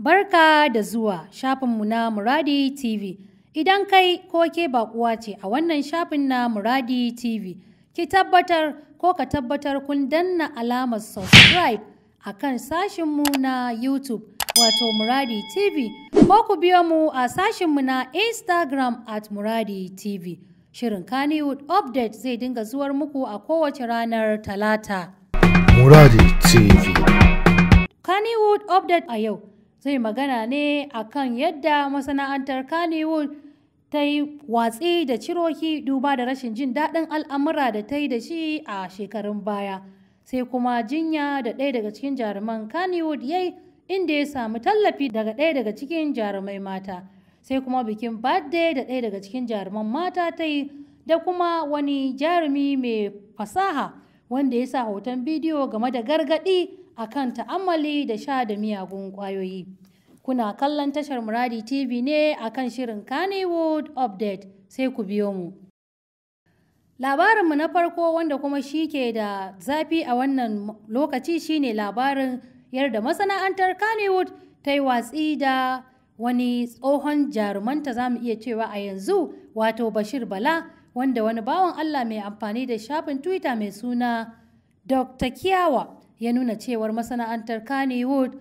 Barka da zuwa shafinmu na Muradi TV. Idan kai ko ke bakuwa ce a wannan shafin na Muradi TV, ki tabbatar ko ka tabbatar kun danna alamar subscribe a kan sashinmu na YouTube wato Muradi TV ko ku biyo mu a sashinmu na Instagram at Muradi TV. Shirin Kannywood Update zai dinga zuwar muku a kowace ranar Talata. Muradi TV. Kannywood Update a yau. zai magana ne a kan yadda masana'antar Kannywood ta yi watsi da ciroki duba da rashin jin daɗin al'amura da ta yi da shi a shekarun baya sai kuma jinya da ɗaya daga cikin jaruman Kannywood ya inda ya samu tallafi daga ɗaya daga cikin jarumai mata sai kuma bikin birthday da ɗaya daga cikin jaruman mata ta yi da kuma wani jarumi mai fasaha wanda ya sa hoton bidiyo game da gargaɗi akan ta'ammali da sha da miyagun ƙwayoyi. Kuna kallon tashar Muradi TV ne akan shirin Kannywood Update sai ku biyo mu. Labarinmu na farko wanda kuma shi ke da zafi a wannan lokaci ne labarin yarda masana'antar Kannywood ta yi watsi da wani tsohon jarumanta za mu iya cewa a yanzu wato Bashir Bala wanda wani bawan Allah mai amfani da shafin Twitter mai suna Dr. Kiyawa ya nuna cewar masana'antar Kannywood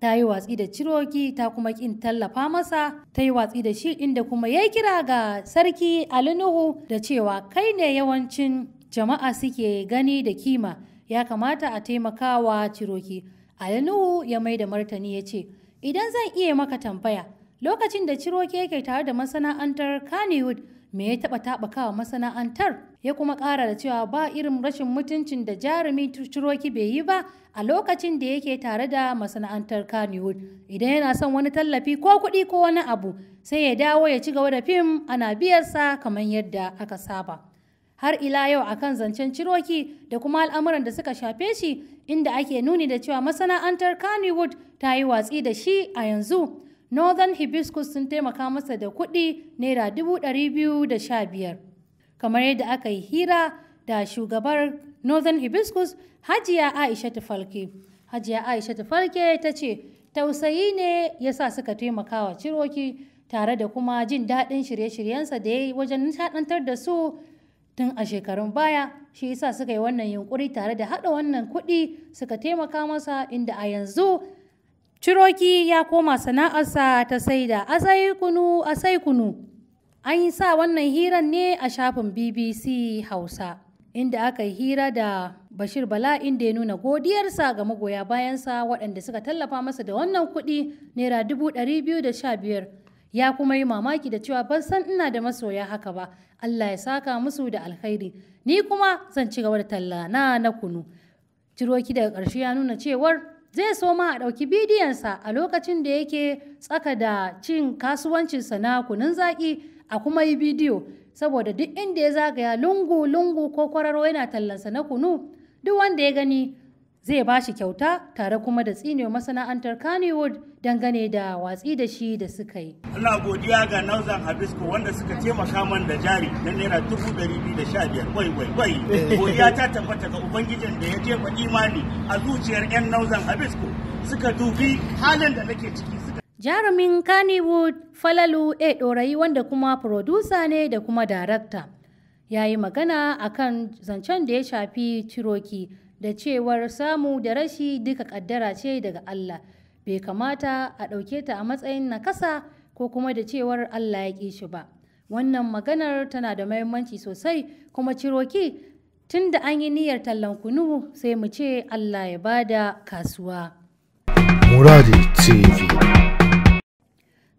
ta yi watsi da ciroki ta kuma kin tallafa masa ta yi watsi da shi inda kuma ya kira ga sarki alinuhu da cewa kai ne yawancin jama'a suke gani da kima ya kamata a taimakawa ciroki alinuhu ya mai da martani ya ce idan zan iya maka tambaya lokacin da ciroki yake tare da masana'antar kannywood me ya taɓa taɓakawa masana'antar ya kuma ƙara da cewa ba irin rashin mutuncin da jarumi Ciroki bai yi ba a lokacin da yake tare da masana'antar Kannywood idan yana son wani tallafi ko kuɗi ko wani abu sai ya dawo ya ci gaba da fim ana biyarsa kamar yadda aka saba. har ila yau akan zancen ciroki da kuma al'amuran da suka shafe shi inda ake nuni da cewa masana'antar Kannywood ta yi watsi da shi a yanzu northern hibiscus sun taimaka masa da kuɗi naira dubu ɗari biyu da sha biyar kamar yadda aka yi hira da shugabar northern hibiscus hajiya aisha tufalke hajiya aisha tufalke ta ce tausayi ne ya sa suka taimaka wa ciroki tare da kuma jin daɗin shirye-shiryensa da ya yi wajen nishaɗantar da su tun a shekarun baya shi yasa suka yi wannan yunkuri tare da haɗa wannan kuɗi suka taimaka masa inda a yanzu Ciroki ya koma sana'arsa ta saida asai kunu asai kunu. An yi sa wannan hiran ne a shafin BBC Hausa, inda aka yi hira da Bashir Bala inda ya nuna godiyarsa ga magoya bayansa waɗanda suka tallafa masa da wannan kuɗi Naira dubu ɗari biyu da sha biyar. Ya kuma yi mamaki da cewa ban san ina da masoya haka ba, Allah ya saka musu da alkhairi. Ni kuma zan ci gaba da talla na na kunu. Ciroki daga ƙarshe ya nuna cewar zai so ma a ɗauki bidiyonsa a lokacin da yake tsaka da cin kasuwancinsa na kunun zaƙi a kuma yi bidiyo saboda duk inda ya zagaya lungu-lungu ko kwararo yana tallansa na kunu duk wanda ya gani zai ba shi kyauta tare kuma da tsinewa masana'antar Kannywood dangane da watsi da shi da suka yi. Allah godiya ga Nauzan Habisco wanda suka taimaka man da jari na naira dubu dari biyu da sha biyar kwai kwai kwai. Eh. Godiya ta tabbata ga Ubangijin da ya jefa imani a zuciyar 'yan Nauzan Habisco suka dubi halin da nake ciki Jarumin Kannywood Falalu A. Ɗorayi wanda kuma produsa ne da kuma darakta. Ya yi magana akan zancen da ya shafi Ciroki da cewar samu da rashi duka kaddara ce daga Allah bai kamata a ɗauke ta a matsayin nakasa ko kuma da cewar Allah ya ƙi shi ba wannan maganar tana da mahimmanci sosai kuma ciroki tun da an yi niyyar tallan kunu sai mu ce Allah ya bada kasuwa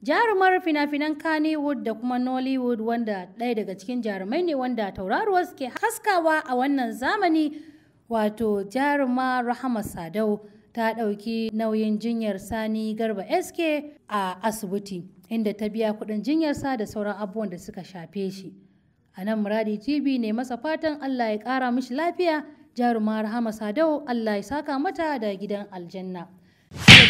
jarumar fina-finan Kannywood da kuma Nollywood wanda ɗaya daga cikin jarumai ne wanda tauraruwa ke haskawa a wannan zamani wato jaruma rahama sadau ta ɗauki nauyin jinyar sani garba sk a asibiti inda ta biya kuɗin jinyarsa da sauran abubuwan da suka shafe shi a nan muradi tv ne masa fatan allah ya ƙara mishi lafiya jaruma rahama sadau allah ya saka mata da gidan aljanna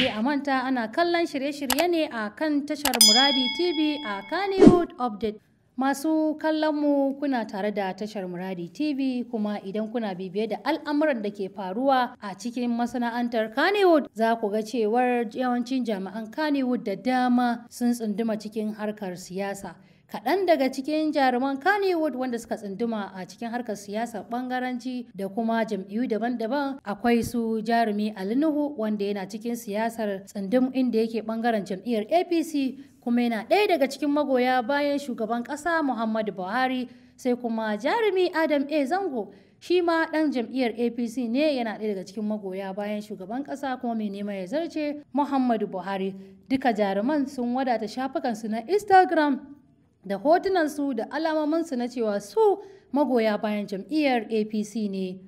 dai a manta ana kallon shirye-shirye ne a kan tashar muradi tv a kannywood update Masu kallonmu kuna tare da tashar Muradi TV kuma idan kuna bibiye da al'amuran da ke faruwa a cikin masana'antar Kannywood za ku ga cewar yawancin jami'an Kannywood da dama sun tsunduma cikin harkar siyasa. Kaɗan daga cikin jaruman Kannywood wanda suka tsunduma a cikin harkar siyasa ɓangaranci da kuma jam'iyyu daban-daban akwai su jarumi Ali Nuhu wanda yana cikin siyasar tsundum inda yake ɓangaren jam'iyyar APC kuma yana ɗaya daga cikin magoya bayan shugaban ƙasa Muhammadu Buhari sai kuma jarumi Adam A. Zango shi ma ɗan jam'iyyar APC ne yana ɗaya daga cikin magoya bayan shugaban ƙasa kuma mai neman ya zarce Muhammadu Buhari. Duka jaruman sun wadata shafukansu na Instagram da hotunansu da alamominsu na cewa su magoya bayan jam'iyyar APC ne.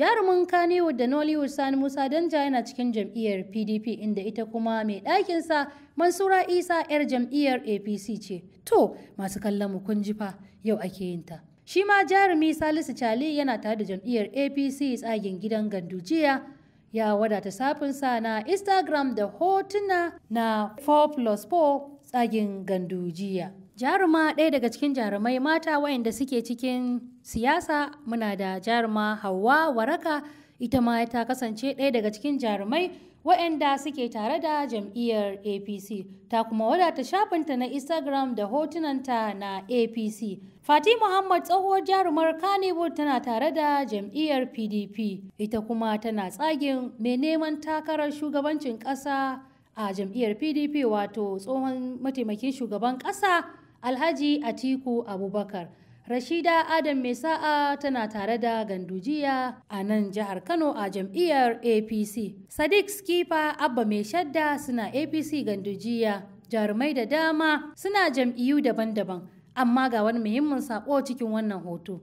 Jarumin kaniwood da Nollywood Sani Musa Danja yana cikin jam'iyyar PDP inda ita kuma mai ɗakin sa Mansura Isa 'yar jam'iyyar APC ce. To, masu kallon mu kun ji fa yau ake yin ta. Shi ma jarumi Salisu chali yana tare da jam'iyyar APC tsagen gidan Gandujiya ya wadata safin sa na Instagram da hotuna na 4 plus 4 tsagin Gandujiya. Jaruma ɗaya daga cikin jarumai mata wayanda suke cikin siyasa muna da jaruma Hauwa Waraka ita ma ta kasance ɗaya daga cikin jarumai wayanda suke tare da jam'iyyar APC ta kuma wadata shafinta na Instagram da hotunanta na APC. Fati Muhammad tsohuwar jarumar kanibu tana tare da jam'iyyar PDP ita kuma tana tsagin mai neman takarar shugabancin ƙasa a jam'iyyar PDP wato tsohon mataimakin shugaban ƙasa Alhaji Atiku Abubakar. Rashida Adam Mai Sa'a tana tare da Gandujiya a nan jihar Kano a jam'iyyar APC. Sadiq Skifa Abba Mai Shadda suna APC Gandujiya. Jarumai da dama suna jam'iyyu daban-daban, amma ga wani muhimmin saƙo cikin wannan hoto.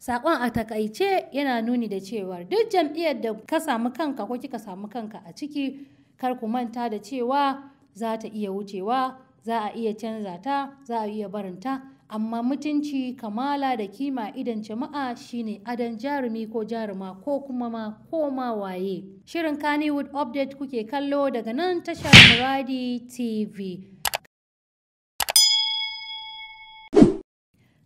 Saƙon a takaice yana nuni da cewa duk jam'iyyar da ka samu kanka ko kika samu kanka a ciki, kar ku manta da cewa za ta iya wucewa za a iya canza ta za a iya barinta amma mutunci kamala da kima idan jama'a shine adan jarumi ko jaruma ko kuma ma ko ma waye shirin kannywood update kuke kallo daga nan tashar muradi tv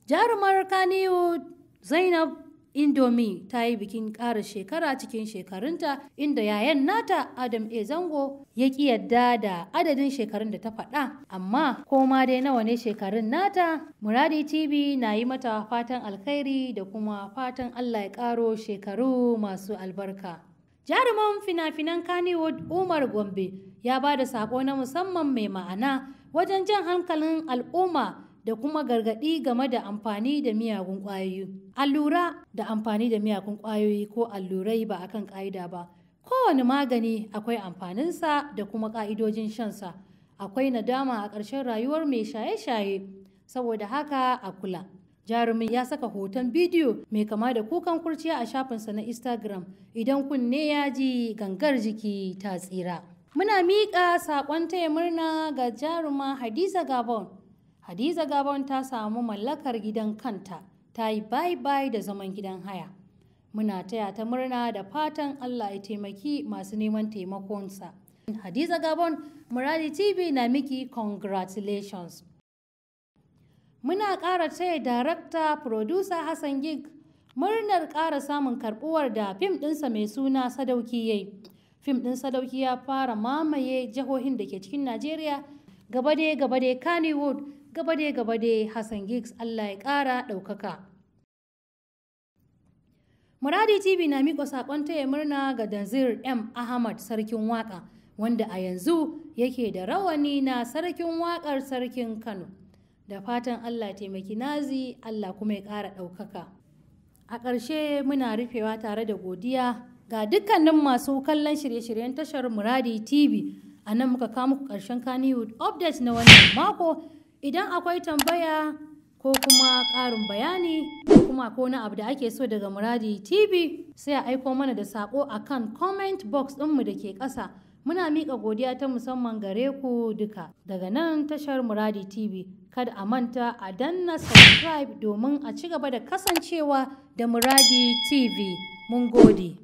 jarumar kannywood zainab indomi ta yi bikin ƙara shekara cikin shekarunta inda yayan nata Adam A. Zango ya ƙi yadda da adadin shekarun da ta faɗa. Amma koma dai nawa ne shekarun nata, Muradi TV na yi mata fatan alkhairi da kuma fatan Allah ya ƙaro shekaru masu albarka. Jaruman fina-finan Kannywood Umar Gombe ya ba da saƙo na musamman mai ma'ana wajen jan hankalin al'umma da kuma gargaɗi game da amfani da miyagun ƙwayoyi. Allura da amfani da miyagun ƙwayoyi ko allurai ba akan ƙa'ida ba. Kowane magani akwai amfaninsa da kuma ƙa'idojin shansa. Akwai nadama a ƙarshen rayuwar mai shaye-shaye, saboda haka a kula. Jarumin ya saka hoton bidiyo mai kama da kukan kurciya a shafinsa na Instagram idan kunne ya ji gangar jiki ta tsira. Muna miƙa saƙon taya murna ga jaruma Hadiza Gabon Hadiza Gabon ta samu mallakar gidan kanta, ta yi bai bai da zaman gidan haya. Muna taya ta murna da fatan Allah ya taimaki masu neman taimakonsa. Hadiza Gabon, Muradi TV na miki congratulations. Muna ƙara taya darakta, producer Hassan Gig murnar ƙara samun karɓuwar da fim ɗinsa mai suna Sadauki ya yi. Fim ɗin Sadauki ya fara mamaye jihohin da ke cikin Najeriya gabade-gabade Kannywood gabade gabade Hassan Giggs Allah ya ƙara ɗaukaka. Muradi TV na miƙa saƙon taya murna ga Danzir M. Ahmad sarkin waƙa wanda a yanzu yake da rawani na sarkin waƙar sarkin Kano. Da fatan Allah taimaki nazi Allah kuma ya ƙara ɗaukaka. A ƙarshe muna rufewa tare da godiya ga dukkanin masu kallon shirye-shiryen tashar Muradi TV. A nan muka kamu muku ƙarshen Kannywood Update na wannan mako. idan akwai tambaya ko kuma ƙarin bayani ko kuma ko na abu da ake so daga muradi tv sai a aiko mana da sako kan comment box ɗinmu da ke ƙasa muna miƙa godiya ta musamman gare ku duka daga nan tashar muradi tv kada a manta a danna subscribe domin a ci gaba da kasancewa da muradi tv mun gode